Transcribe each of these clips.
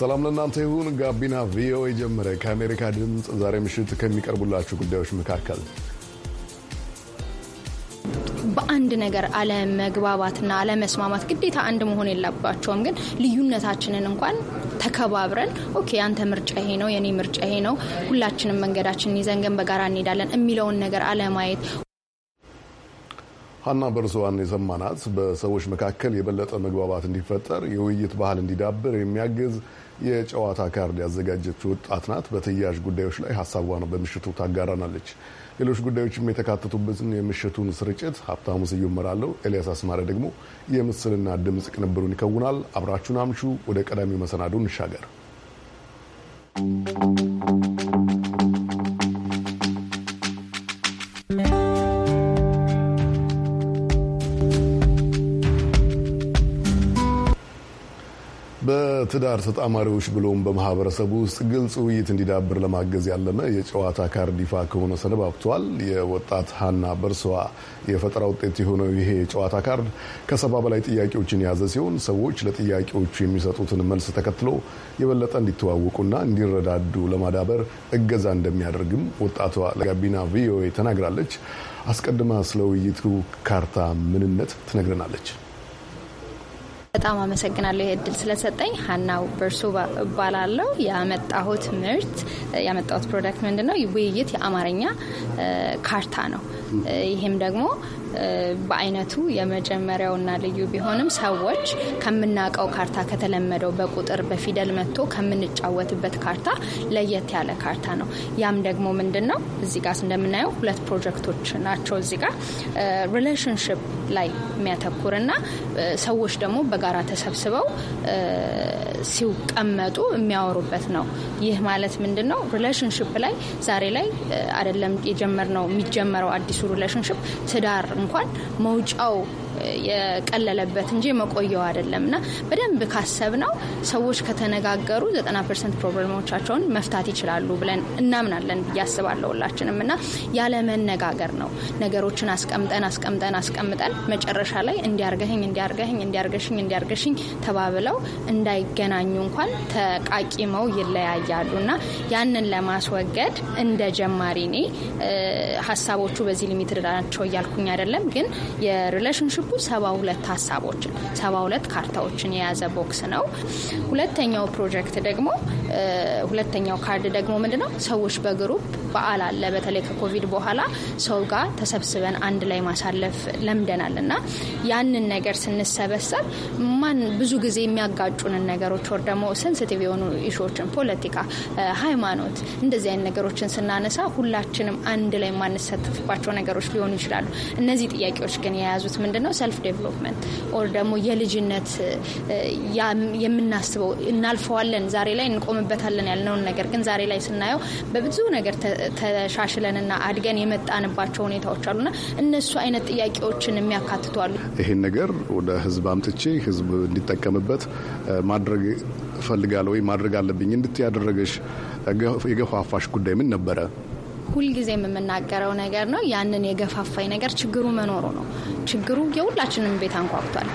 ሰላም ለእናንተ ይሁን። ጋቢና ቪኦኤ ጀመረ። ከአሜሪካ ድምፅ ዛሬ ምሽት ከሚቀርቡላችሁ ጉዳዮች መካከል በአንድ ነገር አለመግባባትና አለመስማማት ግዴታ አንድ መሆን የለባቸውም። ግን ልዩነታችንን እንኳን ተከባብረን ኦኬ፣ አንተ ምርጫ ይሄ ነው፣ የኔ ምርጫ ይሄ ነው፣ ሁላችንም መንገዳችንን ይዘን ግን በጋራ እንሄዳለን የሚለውን ነገር አለማየት ሀና በርሶዋን የሰማናት በሰዎች መካከል የበለጠ መግባባት እንዲፈጠር የውይይት ባህል እንዲዳብር የሚያግዝ የጨዋታ ካርድ ያዘጋጀች ወጣት ናት። በተያያዥ ጉዳዮች ላይ ሀሳቧን በምሽቱ ታጋራናለች። ሌሎች ጉዳዮችም የተካተቱበትን የምሽቱን ስርጭት ሀብታሙ ስዩም እመራለሁ። ኤልያስ አስማረ ደግሞ የምስልና ድምፅ ቅንብሩን ይከውናል። አብራችሁን አምሹ። ወደ ቀዳሚው መሰናዶ እንሻገር። ለትዳር ተጣማሪዎች ብሎም በማህበረሰቡ ውስጥ ግልጽ ውይይት እንዲዳብር ለማገዝ ያለመ የጨዋታ ካርድ ይፋ ከሆነ ሰነባብተዋል። የወጣት ሀና በርሷ የፈጠራ ውጤት የሆነው ይሄ የጨዋታ ካርድ ከሰባ በላይ ጥያቄዎችን የያዘ ሲሆን ሰዎች ለጥያቄዎቹ የሚሰጡትን መልስ ተከትሎ የበለጠ እንዲተዋወቁና እንዲረዳዱ ለማዳበር እገዛ እንደሚያደርግም ወጣቷ ለጋቢና ቪኦኤ ተናግራለች። አስቀድማ ስለ ውይይቱ ካርታ ምንነት ትነግረናለች። በጣም አመሰግናለሁ ይህ እድል ስለሰጠኝ። ሀናው በርሶ እባላለሁ። ያመጣሁት ምርት ያመጣሁት ፕሮዳክት ምንድን ነው? ውይይት የአማርኛ ካርታ ነው። ይህም ደግሞ በአይነቱ የመጀመሪያውና ልዩ ቢሆንም ሰዎች ከምናውቀው ካርታ ከተለመደው በቁጥር በፊደል መጥቶ ከምንጫወትበት ካርታ ለየት ያለ ካርታ ነው። ያም ደግሞ ምንድን ነው? እዚህ ጋር እንደምናየው ሁለት ፕሮጀክቶች ናቸው። እዚህ ጋር ሪሌሽንሽፕ ላይ እና ሰዎች ደግሞ በጋራ ተሰብስበው ሲቀመጡ የሚያወሩበት ነው። ይህ ማለት ምንድን ነው? ሪሌሽንሽፕ ላይ ዛሬ ላይ አይደለም የጀመርነው የሚጀመረው አዲሱ ሪሌሽንሽፕ ትዳር እንኳን መውጫው የቀለለበት እንጂ መቆየው አይደለም እና በደንብ ካሰብ ነው ሰዎች ከተነጋገሩ ዘጠና ፐርሰንት ፕሮብለሞቻቸውን መፍታት ይችላሉ ብለን እናምናለን ብዬ አስባለሁ ሁላችንም እና ያለመነጋገር ነው ነገሮችን አስቀምጠን አስቀምጠን አስቀምጠን መጨረሻ ላይ እንዲያርገህኝ እንዲያርገህኝ እንዲያርገሽኝ እንዲያርገሽኝ ተባብለው እንዳይገናኙ እንኳን ተቃቂመው ይለያያሉ እና ያንን ለማስወገድ እንደ ጀማሪ እኔ ሀሳቦቹ በዚህ ሊሚትድ ናቸው እያልኩኝ አይደለም ግን የሪሌሽንሽፕ 72 ሀሳቦችን 72 ካርታዎችን የያዘ ቦክስ ነው። ሁለተኛው ፕሮጀክት ደግሞ ሁለተኛው ካርድ ደግሞ ምንድነው ሰዎች በግሩፕ በዓል አለ። በተለይ ከኮቪድ በኋላ ሰው ጋር ተሰብስበን አንድ ላይ ማሳለፍ ለምደናል እና ያንን ነገር ስንሰበሰብ ማን ብዙ ጊዜ የሚያጋጩንን ነገሮች ወር ደግሞ ሴንስቲቭ የሆኑ ሾዎችን ፖለቲካ፣ ሃይማኖት እንደዚህ አይነት ነገሮችን ስናነሳ ሁላችንም አንድ ላይ የማንሳተፍባቸው ነገሮች ሊሆኑ ይችላሉ። እነዚህ ጥያቄዎች ግን የያዙት ምንድነው ሰልፍ ዴቨሎፕመንት ኦር ደግሞ የልጅነት የምናስበው እናልፈዋለን፣ ዛሬ ላይ እንቆምበታለን ያልነውን ነገር ግን ዛሬ ላይ ስናየው በብዙ ነገር ተሻሽለንና አድገን የመጣንባቸው ሁኔታዎች አሉና እነሱ አይነት ጥያቄዎችን የሚያካትቱ አሉ። ይህን ነገር ወደ ህዝብ አምጥቼ ህዝብ እንዲጠቀምበት ማድረግ እፈልጋለሁ ወይ ማድረግ አለብኝ እንድት ያደረገሽ የገፋፋሽ ጉዳይ ምን ነበረ? ሁልጊዜ የምናገረው ነገር ነው። ያንን የገፋፋኝ ነገር ችግሩ መኖሩ ነው። ችግሩ የሁላችንም ቤት አንኳኩቷል።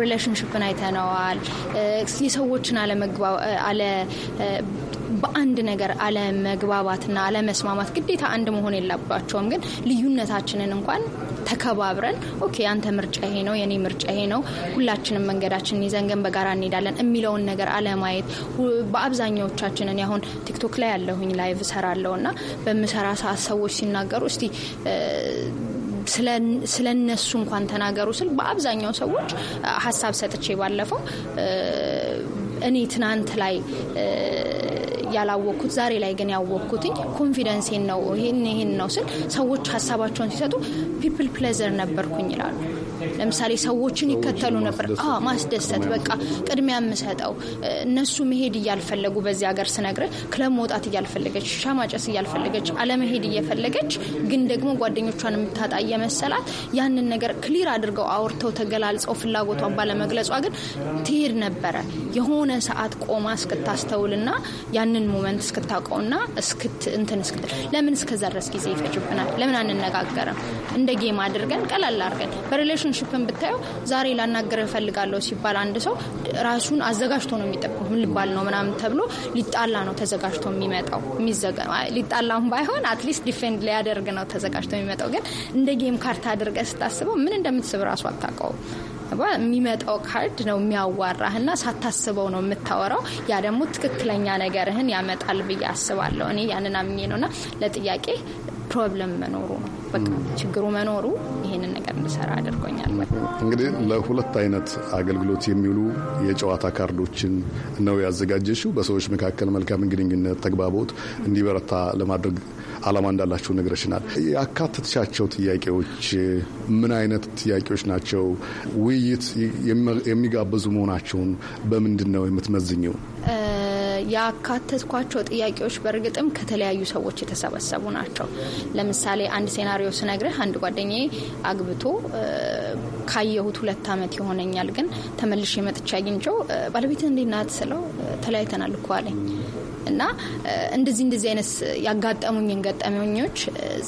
ሪሌሽንሽፕን አይተነዋል። የሰዎችን በአንድ ነገር አለመግባባትና አለመስማማት ግዴታ አንድ መሆን የለባቸውም። ግን ልዩነታችንን እንኳን ተከባብረን ኦኬ፣ አንተ ምርጫ ይሄ ነው፣ የኔ ምርጫ ይሄ ነው፣ ሁላችንም መንገዳችንን ይዘን ግን በጋራ እንሄዳለን የሚለውን ነገር አለማየት በአብዛኛዎቻችንን ያሁን ቲክቶክ ላይ ያለሁኝ ላይቭ እሰራለሁ እና በምሰራ ሰዓት ሰዎች ሲናገሩ እስቲ ስለ እነሱ እንኳን ተናገሩ ስል በአብዛኛው ሰዎች ሀሳብ ሰጥቼ ባለፈው እኔ ትናንት ላይ ያላወቅኩት ዛሬ ላይ ግን ያወቅኩትኝ ኮንፊደንሴን ነው። ይህን ይህን ነው ስል ሰዎች ሀሳባቸውን ሲሰጡ ፒፕል ፕሌዘር ነበርኩኝ ይላሉ። ለምሳሌ ሰዎችን ይከተሉ ነበር። ማስደሰት በቃ ቅድሚያ የምሰጠው እነሱ መሄድ እያልፈለጉ በዚህ ሀገር ስነግረ ክለብ መውጣት እያልፈለገች ሻማጨስ እያልፈለገች አለመሄድ እየፈለገች ግን ደግሞ ጓደኞቿን የምታጣ እየመሰላት ያንን ነገር ክሊር አድርገው አውርተው ተገላልጸው ፍላጎቷን ባለመግለጿ ግን ትሄድ ነበረ የሆነ ሰዓት ቆማ እስክታስተውልና ያንን ያንን ሞመንት እስክታውቀውና እስክት እንትን እስክት ለምን እስከዛ ድረስ ጊዜ ይፈጅብናል? ለምን አንነጋገርም? እንደ ጌም አድርገን ቀላል አድርገን በሪሌሽንሽፕን ብታየው ዛሬ ላናገር እፈልጋለሁ ሲባል አንድ ሰው ራሱን አዘጋጅቶ ነው የሚጠብቀው። ምን ሊባል ነው ምናምን ተብሎ ሊጣላ ነው ተዘጋጅቶ የሚመጣው። ሊጣላም ባይሆን አትሊስት ዲፌንድ ሊያደርግ ነው ተዘጋጅቶ የሚመጣው። ግን እንደ ጌም ካርታ አድርገ ስታስበው ምን እንደምትስብ ራሱ አታውቀውም። የሚመጣው ካርድ ነው የሚያዋራህና ሳታስበው ነው የምታወራው። ያ ደግሞ ትክክለኛ ነገርህን ያመጣል ብዬ አስባለሁ። እኔ ያንን አምኜ ነውና ለጥያቄ ፕሮብለም መኖሩ ነው በቃ ችግሩ መኖሩ ይህንን ነገር እንዲሰራ አድርጎኛል። እንግዲህ ለሁለት አይነት አገልግሎት የሚውሉ የጨዋታ ካርዶችን ነው ያዘጋጀሽው። በሰዎች መካከል መልካም ግንኙነት፣ ተግባቦት እንዲበረታ ለማድረግ አላማ እንዳላቸው ነግረሽናል። ያካተትሻቸው ጥያቄዎች ምን አይነት ጥያቄዎች ናቸው? ውይይት የሚጋብዙ መሆናቸውን በምንድን ነው የምትመዝኘው? ያካተትኳቸው ጥያቄዎች በእርግጥም ከተለያዩ ሰዎች የተሰበሰቡ ናቸው። ለምሳሌ አንድ ሴናሪዮ ስነግርህ አንድ ጓደኛዬ አግብቶ ካየሁት ሁለት ዓመት ይሆነኛል፣ ግን ተመልሼ መጥቼ አግኝቼው ባለቤት እንዴት ናት ስለው ተለያይተናል እኮ አለኝ። እና እንደዚህ እንደዚህ አይነት ያጋጠሙኝን ገጠመኞች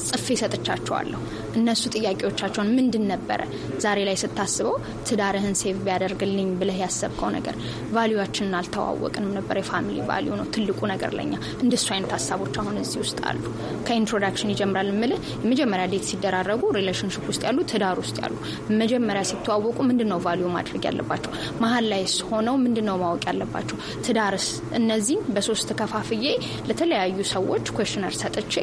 ጽፌ ሰጥቻቸዋለሁ። እነሱ ጥያቄዎቻቸውን ምንድን ነበረ ዛሬ ላይ ስታስበው ትዳርህን ሴቭ ቢያደርግልኝ ብለህ ያሰብከው ነገር ቫሊዋችንን አልተዋወቅንም ነበር። የፋሚሊ ቫሊዩ ነው ትልቁ ነገር ለኛ። እንደሱ አይነት ሀሳቦች አሁን እዚህ ውስጥ አሉ። ከኢንትሮዳክሽን ይጀምራል ምልህ የመጀመሪያ ዴት ሲደራረጉ ሪሌሽንሽፕ ውስጥ ያሉ ትዳር ውስጥ ያሉ መጀመሪያ ሲተዋወቁ ምንድን ነው ቫሊዩ ማድረግ ያለባቸው፣ መሀል ላይ ሆነው ምንድን ነው ማወቅ ያለባቸው፣ ትዳርስ። እነዚህ በሶስት ከፋፍዬ ለተለያዩ ሰዎች ኮሽነር ሰጥቼ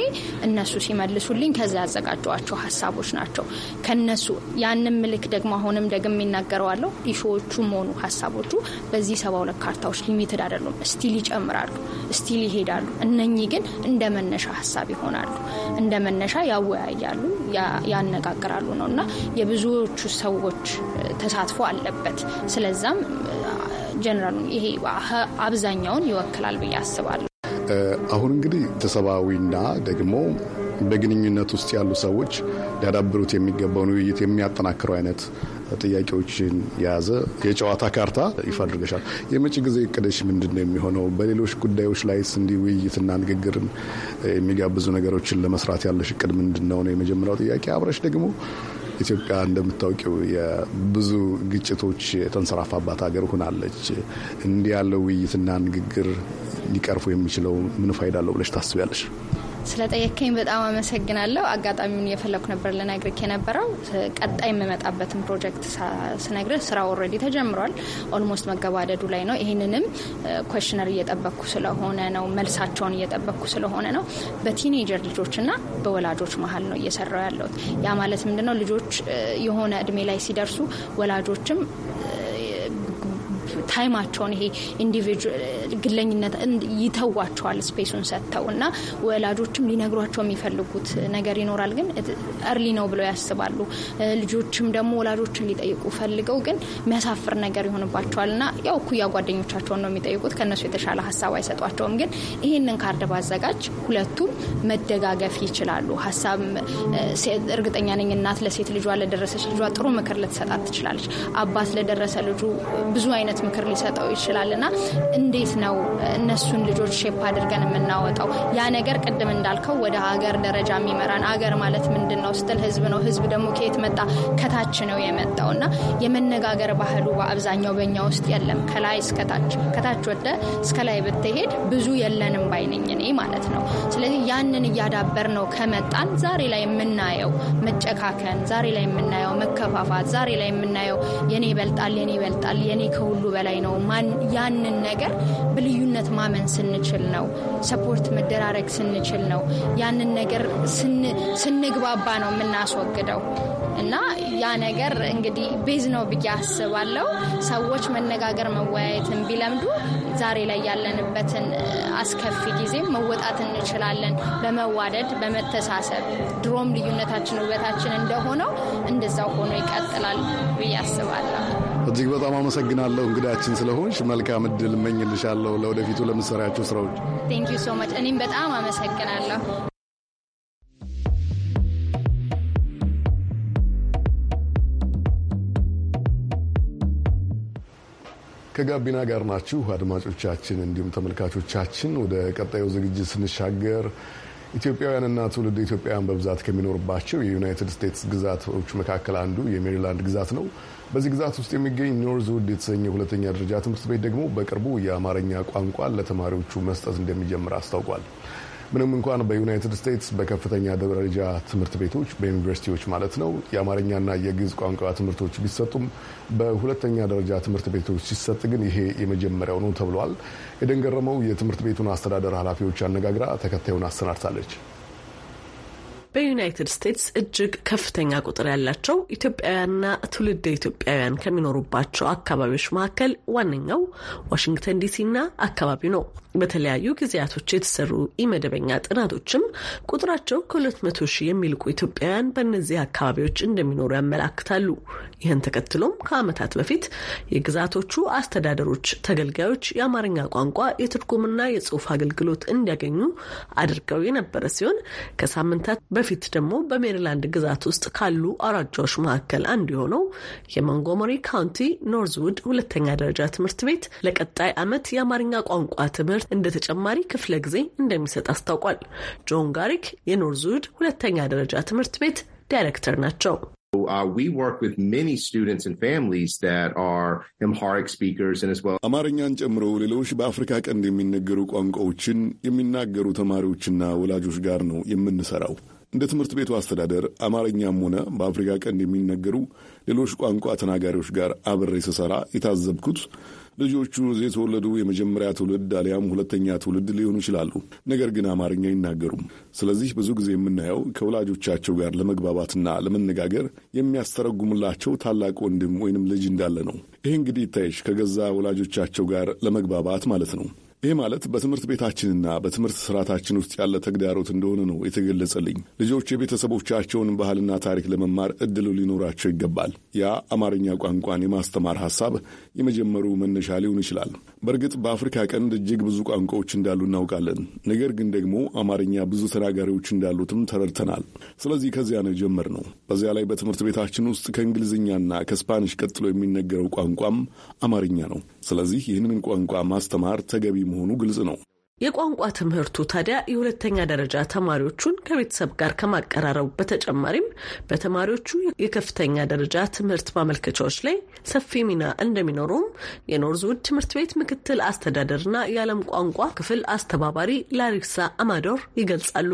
እነሱ ሲመልሱልኝ ከዚያ ያዘጋጀዋቸው ሀሳቦች ናቸው። ከነሱ ያንም ምልክ ደግሞ አሁንም ደግም ይናገረዋለሁ ኢሹዎቹም ሆኑ ሀሳቦቹ በዚህ ሰባ ሁለት ካርታዎች ሊሚትድ አይደሉም። ስቲል ይጨምራሉ፣ ስቲል ይሄዳሉ። እነኚህ ግን እንደ መነሻ ሀሳብ ይሆናሉ፣ እንደ መነሻ ያወያያሉ፣ ያነጋግራሉ ነው እና የብዙዎቹ ሰዎች ተሳትፎ አለበት። ስለዛም ጀነራሉ ይሄ አብዛኛውን ይወክላል ብዬ አስባለሁ። አሁን እንግዲህ ተሰባዊና ደግሞ በግንኙነት ውስጥ ያሉ ሰዎች ሊያዳብሩት የሚገባውን ውይይት የሚያጠናክሩ አይነት ጥያቄዎችን የያዘ የጨዋታ ካርታ ይፋ አድርገሻል። የመጪ ጊዜ እቅደሽ ምንድን ነው የሚሆነው? በሌሎች ጉዳዮች ላይ እንዲህ ውይይትና ንግግርን የሚጋብዙ ነገሮችን ለመስራት ያለሽ እቅድ ምንድን ነው ነው የመጀመሪያው ጥያቄ። አብረሽ ደግሞ ኢትዮጵያ እንደምታውቂው የብዙ ግጭቶች የተንሰራፋባት ሀገር ሆናለች። እንዲህ ያለው ውይይትና ንግግር ሊቀርፉ የሚችለው ምን ፋይዳ አለው ብለሽ ታስቢያለሽ? ስለጠየከኝ በጣም አመሰግናለሁ። አጋጣሚውን እየፈለኩ ነበር ልነግርህ የነበረው ቀጣይ የምመጣበትን ፕሮጀክት ስነግርህ ስራ ኦልሬዲ ተጀምሯል። ኦልሞስት መገባደዱ ላይ ነው። ይህንንም ኮሽነር እየጠበቅኩ ስለሆነ ነው፣ መልሳቸውን እየጠበቅኩ ስለሆነ ነው። በቲኔጀር ልጆችና በወላጆች መሀል ነው እየሰራው ያለሁት። ያ ማለት ምንድነው ልጆች የሆነ እድሜ ላይ ሲደርሱ ወላጆችም ታይማቸውን ይሄ ኢንዲቪጁዋል ግለኝነት ይተዋቸዋል ስፔሱን ሰጥተው እና ወላጆችም ሊነግሯቸው የሚፈልጉት ነገር ይኖራል፣ ግን እርሊ ነው ብለው ያስባሉ። ልጆችም ደግሞ ወላጆችን ሊጠይቁ ፈልገው ግን የሚያሳፍር ነገር ይሆንባቸዋል እና ያው እኩያ ጓደኞቻቸውን ነው የሚጠይቁት። ከነሱ የተሻለ ሀሳብ አይሰጧቸውም። ግን ይህንን ካርድ ባዘጋጅ ሁለቱም መደጋገፍ ይችላሉ። ሀሳብ እርግጠኛ ነኝ እናት ለሴት ልጇ ለደረሰች ልጇ ጥሩ ምክር ልትሰጣት ትችላለች። አባት ለደረሰ ልጁ ብዙ አይነት ምክር ሊሰጠው ይችላል እና እንዴት ነው እነሱን ልጆች ሼፕ አድርገን የምናወጣው? ያ ነገር ቅድም እንዳልከው ወደ ሀገር ደረጃ የሚመራን አገር ማለት ምንድን ነው ስትል ህዝብ ነው። ህዝብ ደግሞ ከየት መጣ? ከታች ነው የመጣው እና የመነጋገር ባህሉ በአብዛኛው በእኛ ውስጥ የለም። ከላይ እስከታች ከታች ወደ እስከ ላይ ብትሄድ ብዙ የለንም ባይነኝ እኔ ማለት ነው። ስለዚህ ያንን እያዳበር ነው ከመጣን ዛሬ ላይ የምናየው መጨካከን፣ ዛሬ ላይ የምናየው መከፋፋት፣ ዛሬ ላይ የምናየው የኔ ይበልጣል፣ የኔ ይበልጣል፣ የኔ ከሁሉ በላይ ነው። ያንን ነገር በልዩነት ማመን ስንችል ነው፣ ሰፖርት መደራረግ ስንችል ነው፣ ያንን ነገር ስንግባባ ነው የምናስወግደው። እና ያ ነገር እንግዲህ ቤዝ ነው ብዬ አስባለሁ። ሰዎች መነጋገር መወያየትን ቢለምዱ ዛሬ ላይ ያለንበትን አስከፊ ጊዜ መወጣት እንችላለን። በመዋደድ በመተሳሰብ ድሮም ልዩነታችን ውበታችን እንደሆነው እንደዛው ሆኖ ይቀጥላል ብዬ አስባለሁ። እጅግ በጣም አመሰግናለሁ እንግዳችን ስለሆንሽ። መልካም እድል እመኝልሻለሁ ለወደፊቱ ለምሰሪያቸው ስራዎች። ቴንክ ዩ ሶ ማች። እኔም በጣም አመሰግናለሁ። ከጋቢና ጋር ናችሁ አድማጮቻችን፣ እንዲሁም ተመልካቾቻችን። ወደ ቀጣዩ ዝግጅት ስንሻገር ኢትዮጵያውያንና ትውልድ ኢትዮጵያውያን በብዛት ከሚኖርባቸው የዩናይትድ ስቴትስ ግዛቶች መካከል አንዱ የሜሪላንድ ግዛት ነው። በዚህ ግዛት ውስጥ የሚገኝ ኖርዝውድ የተሰኘ ሁለተኛ ደረጃ ትምህርት ቤት ደግሞ በቅርቡ የአማርኛ ቋንቋን ለተማሪዎቹ መስጠት እንደሚጀምር አስታውቋል። ምንም እንኳን በዩናይትድ ስቴትስ በከፍተኛ ደረጃ ትምህርት ቤቶች በዩኒቨርሲቲዎች ማለት ነው የአማርኛና የግዕዝ ቋንቋ ትምህርቶች ቢሰጡም በሁለተኛ ደረጃ ትምህርት ቤቶች ሲሰጥ ግን ይሄ የመጀመሪያው ነው ተብሏል። የደንገረመው የትምህርት ቤቱን አስተዳደር ኃላፊዎች አነጋግራ ተከታዩን አሰናድታለች። በዩናይትድ ስቴትስ እጅግ ከፍተኛ ቁጥር ያላቸው ኢትዮጵያውያንና ትውልደ ኢትዮጵያውያን ከሚኖሩባቸው አካባቢዎች መካከል ዋነኛው ዋሽንግተን ዲሲና አካባቢው ነው። በተለያዩ ጊዜያቶች የተሰሩ ኢመደበኛ ጥናቶችም ቁጥራቸው ከ200 ሺህ የሚልቁ ኢትዮጵያውያን በእነዚህ አካባቢዎች እንደሚኖሩ ያመላክታሉ። ይህን ተከትሎም ከዓመታት በፊት የግዛቶቹ አስተዳደሮች ተገልጋዮች የአማርኛ ቋንቋ የትርጉምና የጽሑፍ አገልግሎት እንዲያገኙ አድርገው የነበረ ሲሆን ከሳምንታት በ ወደፊት ደግሞ በሜሪላንድ ግዛት ውስጥ ካሉ አራጃዎች መካከል አንዱ የሆነው የሞንጎመሪ ካውንቲ ኖርዝውድ ሁለተኛ ደረጃ ትምህርት ቤት ለቀጣይ ዓመት የአማርኛ ቋንቋ ትምህርት እንደ ተጨማሪ ክፍለ ጊዜ እንደሚሰጥ አስታውቋል። ጆን ጋሪክ የኖርዝውድ ሁለተኛ ደረጃ ትምህርት ቤት ዳይሬክተር ናቸው። uh, አማርኛን ጨምሮ ሌሎች በአፍሪካ ቀንድ የሚነገሩ ቋንቋዎችን የሚናገሩ ተማሪዎችና ወላጆች ጋር ነው የምንሰራው። እንደ ትምህርት ቤቱ አስተዳደር አማርኛም ሆነ በአፍሪካ ቀንድ የሚነገሩ ሌሎች ቋንቋ ተናጋሪዎች ጋር አብሬ ስሰራ የታዘብኩት ልጆቹ እዚህ የተወለዱ የመጀመሪያ ትውልድ አሊያም ሁለተኛ ትውልድ ሊሆኑ ይችላሉ፣ ነገር ግን አማርኛ አይናገሩም። ስለዚህ ብዙ ጊዜ የምናየው ከወላጆቻቸው ጋር ለመግባባትና ለመነጋገር የሚያስተረጉምላቸው ታላቅ ወንድም ወይንም ልጅ እንዳለ ነው። ይህ እንግዲህ ይታይሽ ከገዛ ወላጆቻቸው ጋር ለመግባባት ማለት ነው። ይህ ማለት በትምህርት ቤታችንና በትምህርት ስርዓታችን ውስጥ ያለ ተግዳሮት እንደሆነ ነው የተገለጸልኝ። ልጆች የቤተሰቦቻቸውን ባህልና ታሪክ ለመማር እድሉ ሊኖራቸው ይገባል። ያ አማርኛ ቋንቋን የማስተማር ሀሳብ የመጀመሩ መነሻ ሊሆን ይችላል። በእርግጥ በአፍሪካ ቀንድ እጅግ ብዙ ቋንቋዎች እንዳሉ እናውቃለን። ነገር ግን ደግሞ አማርኛ ብዙ ተናጋሪዎች እንዳሉትም ተረድተናል። ስለዚህ ከዚያ ነው የጀመርነው። በዚያ ላይ በትምህርት ቤታችን ውስጥ ከእንግሊዝኛና ከስፓኒሽ ቀጥሎ የሚነገረው ቋንቋም አማርኛ ነው። ስለዚህ ይህንን ቋንቋ ማስተማር ተገቢ መሆኑ ግልጽ ነው። የቋንቋ ትምህርቱ ታዲያ የሁለተኛ ደረጃ ተማሪዎቹን ከቤተሰብ ጋር ከማቀራረቡ በተጨማሪም በተማሪዎቹ የከፍተኛ ደረጃ ትምህርት ማመልከቻዎች ላይ ሰፊ ሚና እንደሚኖሩም የኖርዝውድ ትምህርት ቤት ምክትል አስተዳደርና የዓለም ቋንቋ ክፍል አስተባባሪ ላሪክሳ አማዶር ይገልጻሉ።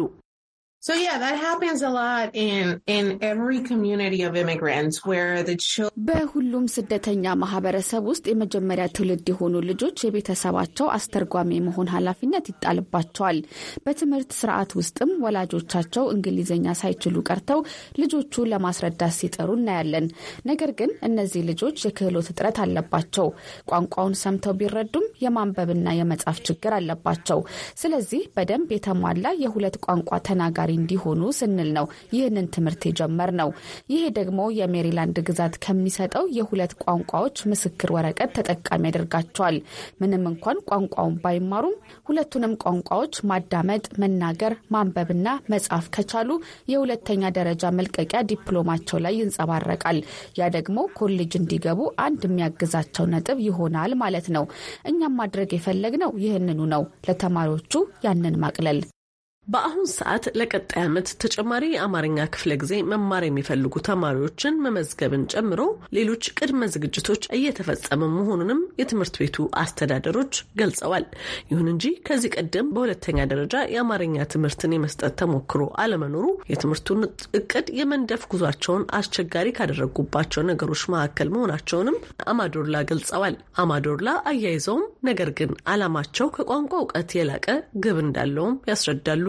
So yeah, that happens a lot in in every community of immigrants where the children በሁሉም ስደተኛ ማህበረሰብ ውስጥ የመጀመሪያ ትውልድ የሆኑ ልጆች የቤተሰባቸው አስተርጓሚ የመሆን ኃላፊነት ይጣልባቸዋል። በትምህርት ስርዓት ውስጥም ወላጆቻቸው እንግሊዝኛ ሳይችሉ ቀርተው ልጆቹ ለማስረዳት ሲጠሩ እናያለን። ነገር ግን እነዚህ ልጆች የክህሎት እጥረት አለባቸው። ቋንቋውን ሰምተው ቢረዱም የማንበብና የመጻፍ ችግር አለባቸው። ስለዚህ በደንብ የተሟላ የሁለት ቋንቋ ተናጋሪ እንዲሆኑ ስንል ነው ይህንን ትምህርት የጀመር ነው። ይሄ ደግሞ የሜሪላንድ ግዛት ከሚሰጠው የሁለት ቋንቋዎች ምስክር ወረቀት ተጠቃሚ ያደርጋቸዋል። ምንም እንኳን ቋንቋውን ባይማሩም ሁለቱንም ቋንቋዎች ማዳመጥ፣ መናገር፣ ማንበብና መጻፍ ከቻሉ የሁለተኛ ደረጃ መልቀቂያ ዲፕሎማቸው ላይ ይንጸባረቃል። ያ ደግሞ ኮሌጅ እንዲገቡ አንድ የሚያግዛቸው ነጥብ ይሆናል ማለት ነው። እኛም ማድረግ የፈለግነው ይህንኑ ነው፣ ለተማሪዎቹ ያንን ማቅለል በአሁን ሰዓት ለቀጣይ ዓመት ተጨማሪ የአማርኛ ክፍለ ጊዜ መማር የሚፈልጉ ተማሪዎችን መመዝገብን ጨምሮ ሌሎች ቅድመ ዝግጅቶች እየተፈጸመ መሆኑንም የትምህርት ቤቱ አስተዳደሮች ገልጸዋል። ይሁን እንጂ ከዚህ ቀደም በሁለተኛ ደረጃ የአማርኛ ትምህርትን የመስጠት ተሞክሮ አለመኖሩ የትምህርቱን እቅድ የመንደፍ ጉዟቸውን አስቸጋሪ ካደረጉባቸው ነገሮች መካከል መሆናቸውንም አማዶርላ ገልጸዋል። አማዶርላ አያይዘውም ነገር ግን ዓላማቸው ከቋንቋ እውቀት የላቀ ግብ እንዳለውም ያስረዳሉ።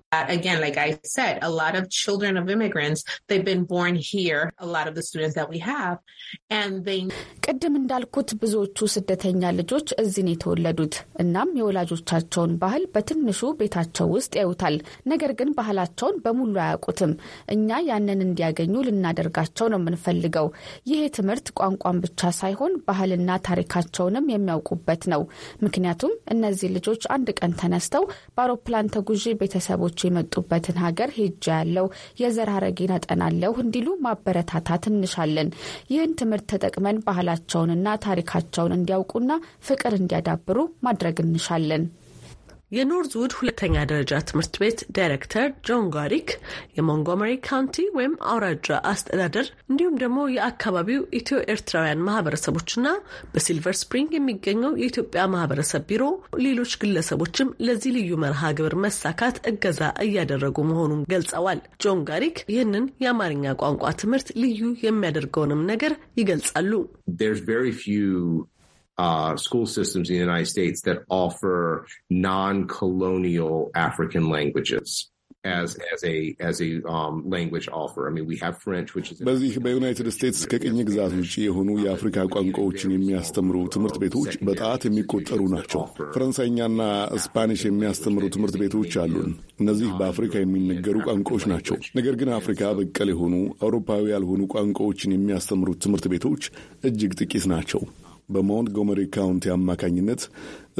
that again, like I said, a lot of children of immigrants, they've been born here, a lot of the students that we have, and they... ቅድም እንዳልኩት ብዙዎቹ ስደተኛ ልጆች እዚህ ነው የተወለዱት። እናም የወላጆቻቸውን ባህል በትንሹ ቤታቸው ውስጥ ያዩታል። ነገር ግን ባህላቸውን በሙሉ አያውቁትም። እኛ ያንን እንዲያገኙ ልናደርጋቸው ነው የምንፈልገው። ይህ ትምህርት ቋንቋን ብቻ ሳይሆን ባህልና ታሪካቸውንም የሚያውቁበት ነው። ምክንያቱም እነዚህ ልጆች አንድ ቀን ተነስተው በአውሮፕላን ተጉዢ ቤተሰቦች ተማሪዎቹ የመጡበትን ሀገር ሄጃ ያለው የዘር ሐረጌን አጠናለሁ እንዲሉ ማበረታታት እንሻለን። ይህን ትምህርት ተጠቅመን ባህላቸውንና ታሪካቸውን እንዲያውቁና ፍቅር እንዲያዳብሩ ማድረግ እንሻለን። የኖርዝውድ ሁለተኛ ደረጃ ትምህርት ቤት ዳይሬክተር ጆን ጋሪክ የሞንጎመሪ ካውንቲ ወይም አውራጃ አስተዳደር እንዲሁም ደግሞ የአካባቢው ኢትዮ ኤርትራውያን ማህበረሰቦችና በሲልቨር ስፕሪንግ የሚገኘው የኢትዮጵያ ማህበረሰብ ቢሮ ሌሎች ግለሰቦችም ለዚህ ልዩ መርሃ ግብር መሳካት እገዛ እያደረጉ መሆኑን ገልጸዋል። ጆን ጋሪክ ይህንን የአማርኛ ቋንቋ ትምህርት ልዩ የሚያደርገውንም ነገር ይገልጻሉ። uh, school systems in the United States that offer non-colonial African languages as as a as a um, language offer. I mean, we have French, which is በዚህ በዩናይትድ ስቴትስ ከቅኝ ግዛት ውጭ የሆኑ የአፍሪካ ቋንቋዎችን የሚያስተምሩ ትምህርት ቤቶች በጣት የሚቆጠሩ ናቸው። ፈረንሳይኛና ስፓኒሽ የሚያስተምሩ ትምህርት ቤቶች አሉን። እነዚህ በአፍሪካ የሚነገሩ ቋንቋዎች ናቸው። ነገር ግን አፍሪካ በቀል የሆኑ አውሮፓዊ ያልሆኑ ቋንቋዎችን የሚያስተምሩት ትምህርት ቤቶች እጅግ ጥቂት ናቸው። በሞንትጎመሪ ካውንቲ አማካኝነት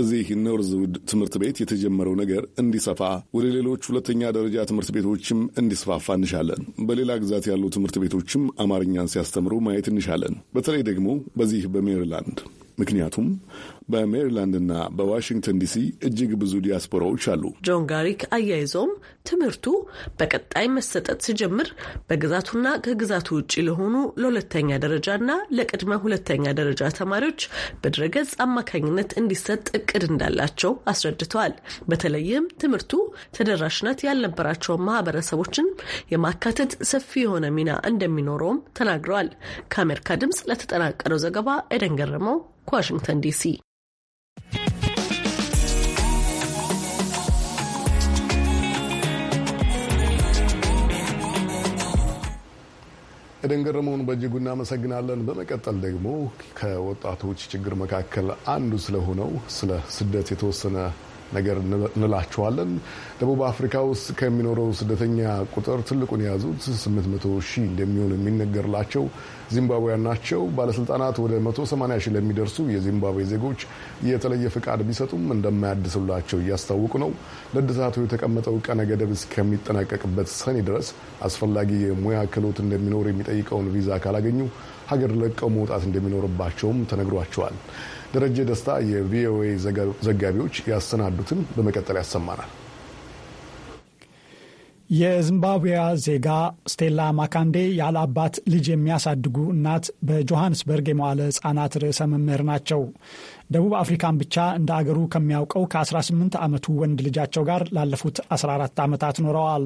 እዚህ ኖርዝውድ ትምህርት ቤት የተጀመረው ነገር እንዲሰፋ ወደ ሌሎች ሁለተኛ ደረጃ ትምህርት ቤቶችም እንዲስፋፋ እንሻለን። በሌላ ግዛት ያሉ ትምህርት ቤቶችም አማርኛን ሲያስተምሩ ማየት እንሻለን። በተለይ ደግሞ በዚህ በሜሪላንድ ምክንያቱም በሜሪላንድና በዋሽንግተን ዲሲ እጅግ ብዙ ዲያስፖራዎች አሉ። ጆን ጋሪክ አያይዘውም ትምህርቱ በቀጣይ መሰጠት ሲጀምር በግዛቱና ከግዛቱ ውጭ ለሆኑ ለሁለተኛ ደረጃና ለቅድመ ሁለተኛ ደረጃ ተማሪዎች በድረገጽ አማካኝነት እንዲሰጥ እቅድ እንዳላቸው አስረድተዋል። በተለይም ትምህርቱ ተደራሽነት ያልነበራቸውን ማህበረሰቦችን የማካተት ሰፊ የሆነ ሚና እንደሚኖረውም ተናግረዋል። ከአሜሪካ ድምጽ ለተጠናቀረው ዘገባ ኤደን ገረመው ከዋሽንግተን ዲሲ ኤደን ገረመውን በእጅጉ እናመሰግናለን። በመቀጠል ደግሞ ከወጣቶች ችግር መካከል አንዱ ስለሆነው ስለ ስደት የተወሰነ ነገር እንላቸዋለን። ደቡብ አፍሪካ ውስጥ ከሚኖረው ስደተኛ ቁጥር ትልቁን የያዙት 800 ሺህ እንደሚሆን የሚነገርላቸው ዚምባብያን ናቸው። ባለስልጣናት ወደ 180 ሺህ ለሚደርሱ የዚምባብዌ ዜጎች የተለየ ፍቃድ ቢሰጡም እንደማያድስላቸው እያስታወቁ ነው። ለእድሳቱ የተቀመጠው ቀነ ገደብ እስከሚጠናቀቅበት ሰኔ ድረስ አስፈላጊ የሙያ ክህሎት እንደሚኖር የሚጠይቀውን ቪዛ ካላገኙ ሀገር ለቀው መውጣት እንደሚኖርባቸውም ተነግሯቸዋል። ደረጀ ደስታ የቪኦኤ ዘጋቢዎች ያሰናዱትን በመቀጠል ያሰማናል። የዚምባብዌያ ዜጋ ስቴላ ማካንዴ ያለ አባት ልጅ የሚያሳድጉ እናት በጆሃንስበርግ የመዋለ ህጻናት ርዕሰ መምህር ናቸው። ደቡብ አፍሪካን ብቻ እንደ አገሩ ከሚያውቀው ከ18 ዓመቱ ወንድ ልጃቸው ጋር ላለፉት 14 ዓመታት ኖረዋል።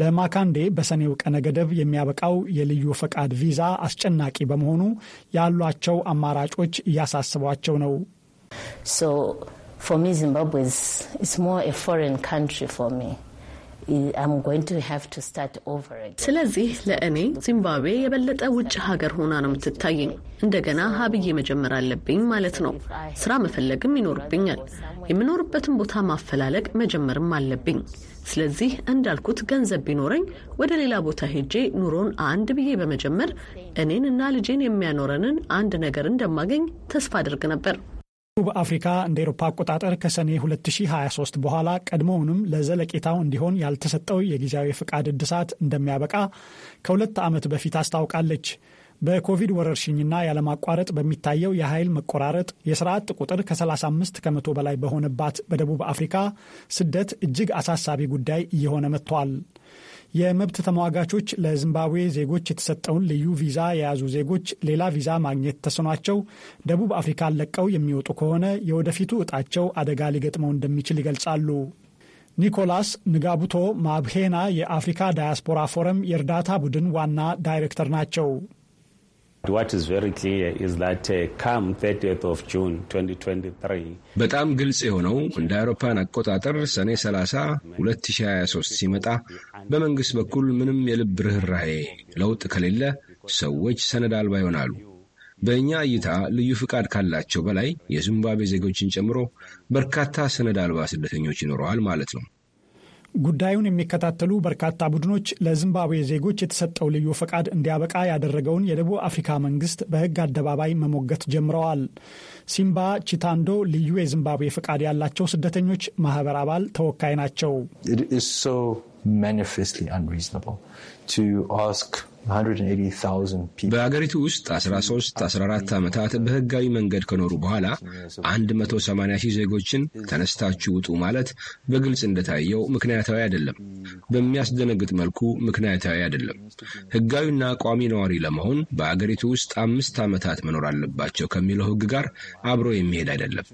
ለማካንዴ በሰኔው ቀነ ገደብ የሚያበቃው የልዩ ፈቃድ ቪዛ አስጨናቂ በመሆኑ ያሏቸው አማራጮች እያሳስቧቸው ነው። ስለዚህ ለእኔ ዚምባብዌ የበለጠ ውጭ ሀገር ሆና ነው የምትታየኝ። እንደገና ሀብዬ መጀመር አለብኝ ማለት ነው። ስራ መፈለግም ይኖርብኛል። የምኖርበትን ቦታ ማፈላለግ መጀመርም አለብኝ። ስለዚህ እንዳልኩት ገንዘብ ቢኖረኝ ወደ ሌላ ቦታ ሄጄ ኑሮን አንድ ብዬ በመጀመር እኔን እና ልጄን የሚያኖረንን አንድ ነገር እንደማገኝ ተስፋ አድርግ ነበር። ደቡብ አፍሪካ እንደ ኤሮፓ አቆጣጠር ከሰኔ 2023 በኋላ ቀድሞውንም ለዘለቄታው እንዲሆን ያልተሰጠው የጊዜያዊ ፍቃድ እድሳት እንደሚያበቃ ከሁለት ዓመት በፊት አስታውቃለች። በኮቪድ ወረርሽኝና ያለማቋረጥ በሚታየው የኃይል መቆራረጥ የስራ አጥ ቁጥር ከ35 ከመቶ በላይ በሆነባት በደቡብ አፍሪካ ስደት እጅግ አሳሳቢ ጉዳይ እየሆነ መጥቷል። የመብት ተሟጋቾች ለዚምባብዌ ዜጎች የተሰጠውን ልዩ ቪዛ የያዙ ዜጎች ሌላ ቪዛ ማግኘት ተስኗቸው ደቡብ አፍሪካን ለቀው የሚወጡ ከሆነ የወደፊቱ እጣቸው አደጋ ሊገጥመው እንደሚችል ይገልጻሉ። ኒኮላስ ንጋቡቶ ማብሄና የአፍሪካ ዳያስፖራ ፎረም የእርዳታ ቡድን ዋና ዳይሬክተር ናቸው። Uh, በጣም ግልጽ የሆነው እንደ አውሮፓን አቆጣጠር ሰኔ 30 2023 ሲመጣ በመንግሥት በኩል ምንም የልብ ርኅራኄ ለውጥ ከሌለ ሰዎች ሰነድ አልባ ይሆናሉ። በእኛ እይታ ልዩ ፍቃድ ካላቸው በላይ የዚምባብዌ ዜጎችን ጨምሮ በርካታ ሰነድ አልባ ስደተኞች ይኖረዋል ማለት ነው። ጉዳዩን የሚከታተሉ በርካታ ቡድኖች ለዚምባብዌ ዜጎች የተሰጠው ልዩ ፈቃድ እንዲያበቃ ያደረገውን የደቡብ አፍሪካ መንግስት በህግ አደባባይ መሞገት ጀምረዋል። ሲምባ ቺታንዶ ልዩ የዚምባብዌ ፈቃድ ያላቸው ስደተኞች ማህበር አባል ተወካይ ናቸው። በአገሪቱ ውስጥ 13 14 ዓመታት በህጋዊ መንገድ ከኖሩ በኋላ 180 ሺህ ዜጎችን ተነስታችሁ ውጡ ማለት በግልጽ እንደታየው ምክንያታዊ አይደለም። በሚያስደነግጥ መልኩ ምክንያታዊ አይደለም። ህጋዊና ቋሚ ነዋሪ ለመሆን በአገሪቱ ውስጥ አምስት ዓመታት መኖር አለባቸው ከሚለው ህግ ጋር አብሮ የሚሄድ አይደለም።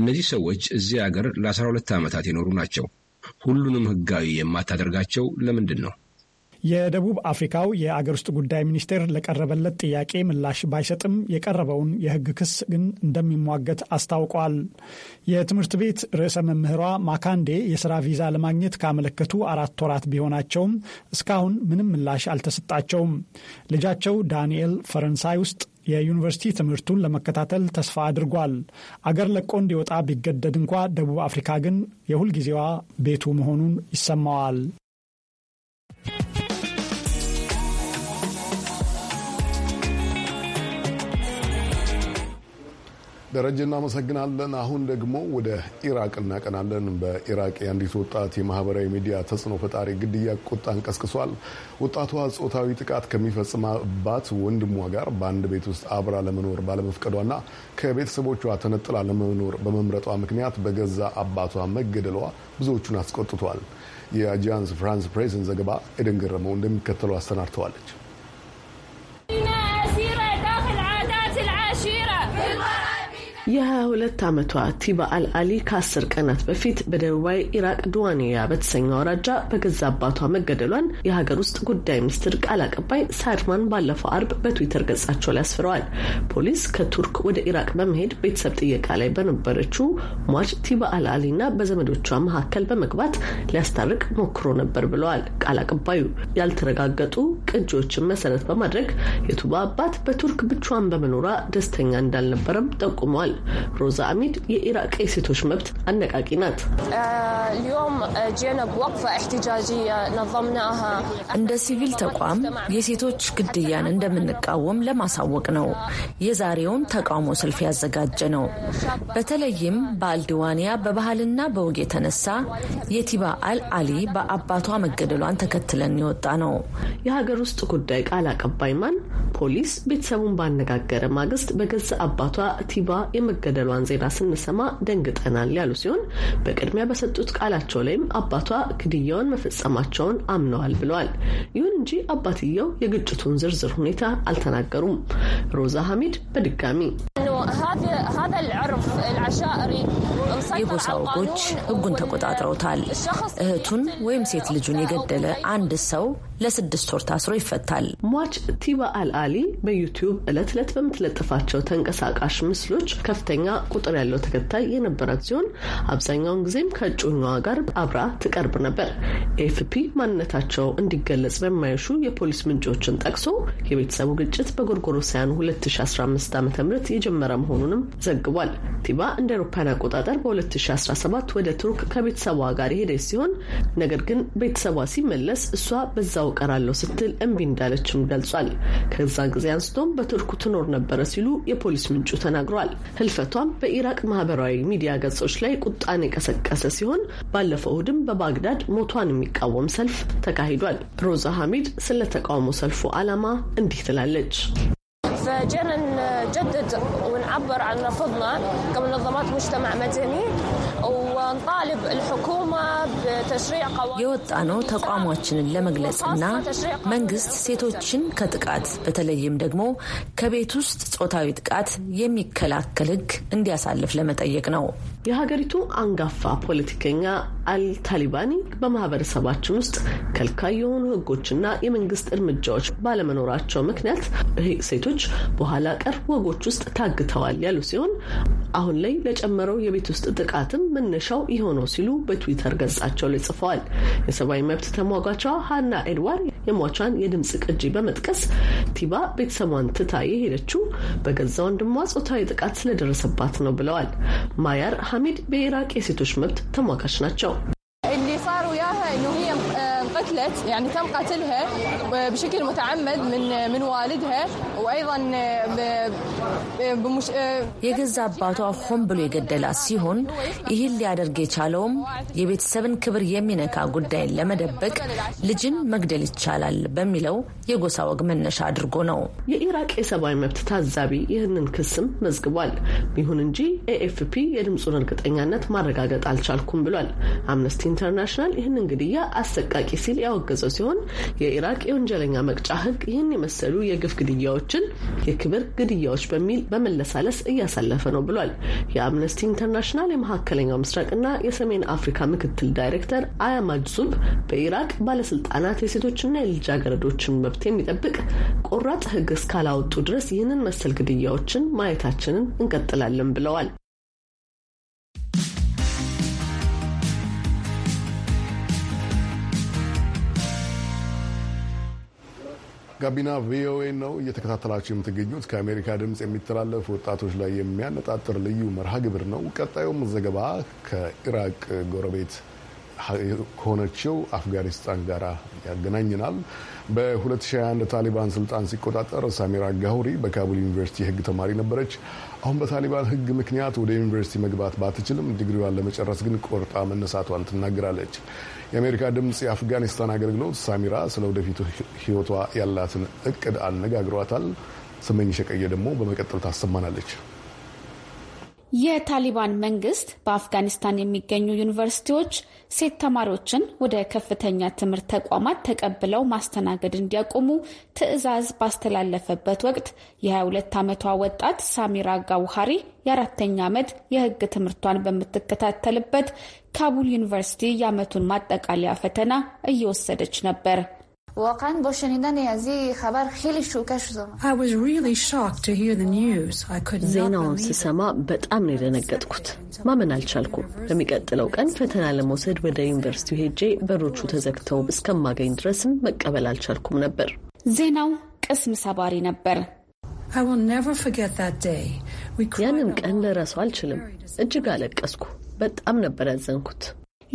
እነዚህ ሰዎች እዚህ አገር ለ12 ዓመታት የኖሩ ናቸው። ሁሉንም ህጋዊ የማታደርጋቸው ለምንድን ነው? የደቡብ አፍሪካው የአገር ውስጥ ጉዳይ ሚኒስቴር ለቀረበለት ጥያቄ ምላሽ ባይሰጥም የቀረበውን የሕግ ክስ ግን እንደሚሟገት አስታውቋል። የትምህርት ቤት ርዕሰ መምህሯ ማካንዴ የስራ ቪዛ ለማግኘት ካመለከቱ አራት ወራት ቢሆናቸውም እስካሁን ምንም ምላሽ አልተሰጣቸውም። ልጃቸው ዳንኤል ፈረንሳይ ውስጥ የዩኒቨርሲቲ ትምህርቱን ለመከታተል ተስፋ አድርጓል። አገር ለቆ እንዲወጣ ቢገደድ እንኳ ደቡብ አፍሪካ ግን የሁልጊዜዋ ቤቱ መሆኑን ይሰማዋል። ደረጀ እናመሰግናለን። አሁን ደግሞ ወደ ኢራቅ እናቀናለን። በኢራቅ የአንዲት ወጣት የማህበራዊ ሚዲያ ተጽዕኖ ፈጣሪ ግድያ ቁጣን ቀስቅሷል። ወጣቷ ጾታዊ ጥቃት ከሚፈጽማባት ወንድሟ ጋር በአንድ ቤት ውስጥ አብራ ለመኖር ባለመፍቀዷና ከቤተሰቦቿ ተነጥላ ለመኖር በመምረጧ ምክንያት በገዛ አባቷ መገደሏ ብዙዎቹን አስቆጥቷል። የአጃንስ ፍራንስ ፕሬስን ዘገባ ኤደን ገረመው እንደሚከተለው አሰናድተዋለች። የ22 ዓመቷ ቲባ አልአሊ ከአስር ቀናት በፊት በደቡባዊ ኢራቅ ድዋንያ በተሰኘ አውራጃ በገዛ አባቷ መገደሏን የሀገር ውስጥ ጉዳይ ሚኒስትር ቃል አቀባይ ሳድማን ባለፈው አርብ በትዊተር ገጻቸው ላይ አስፍረዋል። ፖሊስ ከቱርክ ወደ ኢራቅ በመሄድ ቤተሰብ ጥየቃ ላይ በነበረችው ሟች ቲባ አልአሊ በዘመዶቿ መካከል በመግባት ሊያስታርቅ ሞክሮ ነበር ብለዋል ቃል አቀባዩ። ያልተረጋገጡ ቅጂዎችን መሰረት በማድረግ የቱባ አባት በቱርክ ብቻዋን በመኖሯ ደስተኛ እንዳልነበረም ጠቁመዋል። ተናግረዋል። ሮዛ አሚድ የኢራቅ የሴቶች መብት አነቃቂ ናት። እንደ ሲቪል ተቋም የሴቶች ግድያን እንደምንቃወም ለማሳወቅ ነው የዛሬውን ተቃውሞ ሰልፍ ያዘጋጀ ነው። በተለይም በአልዲዋንያ በባህልና በወግ የተነሳ የቲባ አል አሊ በአባቷ መገደሏን ተከትለን የወጣ ነው። የሀገር ውስጥ ጉዳይ ቃል አቀባይ ማን ፖሊስ ቤተሰቡን ባነጋገረ ማግስት በገዛ አባቷ ቲባ የመገደሏን ዜና ስንሰማ ደንግጠናል ያሉ ሲሆን በቅድሚያ በሰጡት ቃላቸው ላይም አባቷ ግድያውን መፈጸማቸውን አምነዋል ብለዋል። ይሁን እንጂ አባትየው የግጭቱን ዝርዝር ሁኔታ አልተናገሩም። ሮዛ ሐሚድ በድጋሚ የጎሳ ወጎች ህጉን ተቆጣጥረውታል። እህቱን ወይም ሴት ልጁን የገደለ አንድ ሰው ለስድስት ወር ታስሮ ይፈታል። ሟች ቲባ አልአሊ በዩቲዩብ እለት ዕለት በምትለጥፋቸው ተንቀሳቃሽ ምስሎች ከፍተኛ ቁጥር ያለው ተከታይ የነበራት ሲሆን አብዛኛውን ጊዜም ከእጩኛዋ ጋር አብራ ትቀርብ ነበር። ኤፍፒ ማንነታቸው እንዲገለጽ በማይሹ የፖሊስ ምንጮችን ጠቅሶ የቤተሰቡ ግጭት በጎርጎሮሳያን 2015 ዓ ም የጀመረ መሆኑንም ዘግቧል። ቲባ እንደ አውሮፓውያን አቆጣጠር በ2017 ወደ ቱርክ ከቤተሰቧ ጋር የሄደች ሲሆን ነገር ግን ቤተሰቧ ሲመለስ እሷ በዛው ቀራለሁ ስትል እምቢ እንዳለችም ገልጿል። ከዛን ጊዜ አንስቶም በቱርክ ትኖር ነበረ ሲሉ የፖሊስ ምንጩ ተናግሯል። ህልፈቷም በኢራቅ ማህበራዊ ሚዲያ ገጾች ላይ ቁጣን የቀሰቀሰ ሲሆን ባለፈው እሁድም በባግዳድ ሞቷን የሚቃወም ሰልፍ ተካሂዷል። ሮዛ ሐሚድ ስለ ተቃውሞ ሰልፉ ዓላማ እንዲህ ትላለች። جينا نجدد ونعبر عن رفضنا كمنظمات مجتمع مدني የወጣ ነው ተቋማችንን ለመግለጽና መንግስት ሴቶችን ከጥቃት በተለይም ደግሞ ከቤት ውስጥ ጾታዊ ጥቃት የሚከላከል ህግ እንዲያሳልፍ ለመጠየቅ ነው። የሀገሪቱ አንጋፋ ፖለቲከኛ አልታሊባኒ በማህበረሰባችን ውስጥ ከልካይ የሆኑ ሕጎችና የመንግስት እርምጃዎች ባለመኖራቸው ምክንያት ሴቶች በኋላ ቀር ወጎች ውስጥ ታግተዋል ያሉ ሲሆን አሁን ላይ ለጨመረው የቤት ውስጥ ጥቃትም መነሻው መነሻው ይኸው ነው ሲሉ በትዊተር ገጻቸው ላይ ጽፈዋል። የሰብአዊ መብት ተሟጋቿ ሀና ኤድዋር የሟቿን የድምፅ ቅጂ በመጥቀስ ቲባ ቤተሰቧን ትታ የሄደችው በገዛ ወንድሟ ጾታዊ ጥቃት ስለደረሰባት ነው ብለዋል። ማያር ሐሚድ በኢራቅ የሴቶች መብት ተሟጋች ናቸው። بشكل متعمد من من والدها وايضا የገዛ አባቷ ሆን ብሎ የገደላት ሲሆን ይህን ሊያደርግ የቻለውም የቤተሰብን ክብር የሚነካ ጉዳይን ለመደበቅ ልጅን መግደል ይቻላል በሚለው የጎሳ ወግ መነሻ አድርጎ ነው። የኢራቅ የሰብአዊ መብት ታዛቢ ይህንን ክስም መዝግቧል። ይሁን እንጂ ኤኤፍፒ የድምፁን እርግጠኛነት ማረጋገጥ አልቻልኩም ብሏል። አምነስቲ ኢንተርናሽናል ይህንን ግድያ አሰቃቂ ሲል ያወገዘው ሲሆን የኢራቅ የወንጀለኛ መቅጫ ህግ ይህን የመሰሉ የግፍ ግድያዎችን የክብር ግድያዎች በሚል በመለሳለስ እያሳለፈ ነው ብሏል። የአምነስቲ ኢንተርናሽናል የመካከለኛው ምስራቅና የሰሜን አፍሪካ ምክትል ዳይሬክተር አያማጅዙብ በኢራቅ ባለስልጣናት የሴቶችና የልጃገረዶችን መብት የሚጠብቅ ቆራጥ ሕግ እስካላወጡ ድረስ ይህንን መሰል ግድያዎችን ማየታችንን እንቀጥላለን ብለዋል። ጋቢና ቪኦኤ ነው እየተከታተላችሁ የምትገኙት። ከአሜሪካ ድምፅ የሚተላለፍ ወጣቶች ላይ የሚያነጣጥር ልዩ መርሃ ግብር ነው። ቀጣዩም ዘገባ ከኢራቅ ጎረቤት ከሆነችው አፍጋኒስታን ጋር ያገናኘናል። በ2021 ታሊባን ስልጣን ሲቆጣጠር ሳሚራ ጋሁሪ በካቡል ዩኒቨርሲቲ ህግ ተማሪ ነበረች። አሁን በታሊባን ሕግ ምክንያት ወደ ዩኒቨርሲቲ መግባት ባትችልም ዲግሪዋን ለመጨረስ ግን ቆርጣ መነሳቷን ትናገራለች። የአሜሪካ ድምፅ የአፍጋኒስታን አገልግሎት ሳሚራ ስለ ወደፊቱ ህይወቷ ያላትን እቅድ አነጋግሯታል። ስመኝሽ የቆየ ደግሞ በመቀጠል ታሰማናለች። የታሊባን መንግስት በአፍጋኒስታን የሚገኙ ዩኒቨርሲቲዎች ሴት ተማሪዎችን ወደ ከፍተኛ ትምህርት ተቋማት ተቀብለው ማስተናገድ እንዲያቆሙ ትዕዛዝ ባስተላለፈበት ወቅት የ22 ዓመቷ ወጣት ሳሚራ ጋውሃሪ የአራተኛ ዓመት የሕግ ትምህርቷን በምትከታተልበት ካቡል ዩኒቨርሲቲ የዓመቱን ማጠቃለያ ፈተና እየወሰደች ነበር። واقعا با شنیدن از این خبر خیلی شوکه شدم ዜናውን ስሰማ በጣም ነው የደነገጥኩት። ማመን አልቻልኩም። በሚቀጥለው ቀን ፈተና ለመውሰድ ወደ ዩኒቨርሲቲው ሄጄ በሮቹ ተዘግተው እስከማገኝ ድረስም መቀበል አልቻልኩም ነበር። ዜናው ቅስም ሰባሪ ነበር። ያንን ቀን ልረሳው አልችልም። እጅግ አለቀስኩ። በጣም ነበር ያዘንኩት።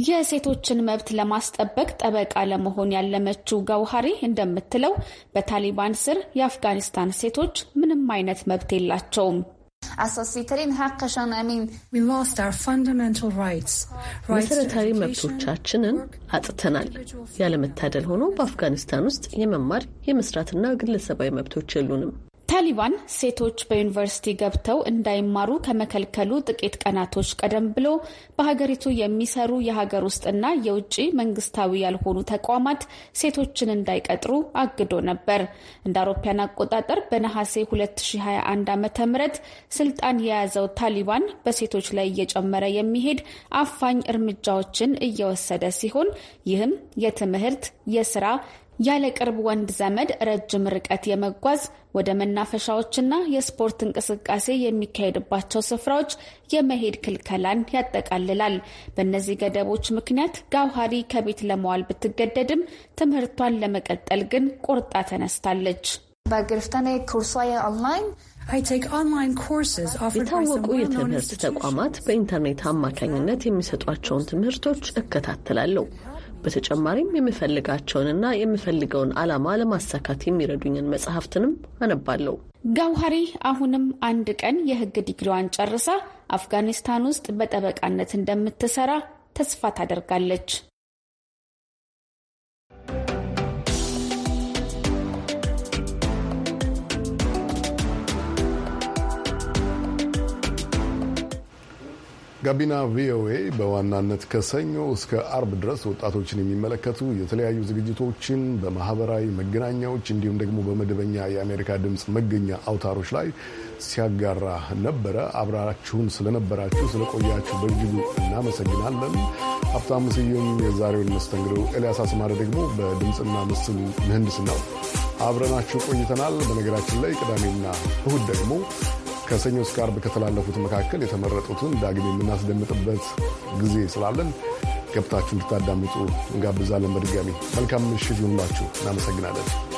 የሴቶችን መብት ለማስጠበቅ ጠበቃ ለመሆን ያለመችው ገውሃሪ እንደምትለው በታሊባን ስር የአፍጋኒስታን ሴቶች ምንም አይነት መብት የላቸውም። መሰረታዊ መብቶቻችንን አጥተናል። ያለመታደል ሆኖ በአፍጋኒስታን ውስጥ የመማር የመስራትና ግለሰባዊ መብቶች የሉንም። ታሊባን ሴቶች በዩኒቨርሲቲ ገብተው እንዳይማሩ ከመከልከሉ ጥቂት ቀናቶች ቀደም ብሎ በሀገሪቱ የሚሰሩ የሀገር ውስጥና የውጭ መንግስታዊ ያልሆኑ ተቋማት ሴቶችን እንዳይቀጥሩ አግዶ ነበር። እንደ አውሮፓያን አቆጣጠር በነሐሴ 2021 ዓ.ም ስልጣን የያዘው ታሊባን በሴቶች ላይ እየጨመረ የሚሄድ አፋኝ እርምጃዎችን እየወሰደ ሲሆን ይህም የትምህርት፣ የስራ ያለ ቅርብ ወንድ ዘመድ ረጅም ርቀት የመጓዝ ወደ መናፈሻዎችና የስፖርት እንቅስቃሴ የሚካሄድባቸው ስፍራዎች የመሄድ ክልከላን ያጠቃልላል። በእነዚህ ገደቦች ምክንያት ጋውሃሪ ከቤት ለመዋል ብትገደድም ትምህርቷን ለመቀጠል ግን ቆርጣ ተነስታለች። የታወቁ የትምህርት ተቋማት በኢንተርኔት አማካኝነት የሚሰጧቸውን ትምህርቶች እከታተላለሁ። በተጨማሪም የምፈልጋቸውንና የምፈልገውን ዓላማ ለማሳካት የሚረዱኝን መጽሐፍትንም አነባለሁ። ጋውሃሪ አሁንም አንድ ቀን የህግ ዲግሪዋን ጨርሳ አፍጋኒስታን ውስጥ በጠበቃነት እንደምትሰራ ተስፋ ታደርጋለች። ጋቢና ቪኦኤ በዋናነት ከሰኞ እስከ አርብ ድረስ ወጣቶችን የሚመለከቱ የተለያዩ ዝግጅቶችን በማህበራዊ መገናኛዎች እንዲሁም ደግሞ በመደበኛ የአሜሪካ ድምፅ መገኛ አውታሮች ላይ ሲያጋራ ነበረ። አብራችሁን ስለነበራችሁ ስለቆያችሁ በእጅጉ እናመሰግናለን። ሀብታሙ ስዩም የዛሬውን መስተንግዶ፣ ኤልያስ አስማረ ደግሞ በድምፅና ምስል ነው አብረናችሁ ቆይተናል። በነገራችን ላይ ቅዳሜና እሁድ ደግሞ ከሰኞ እስከ አርብ ከተላለፉት መካከል የተመረጡትን ዳግም የምናስደምጥበት ጊዜ ስላለን ገብታችሁ እንድታዳምጡ እንጋብዛለን። በድጋሚ መልካም ምሽት ይሁንላችሁ። እናመሰግናለን።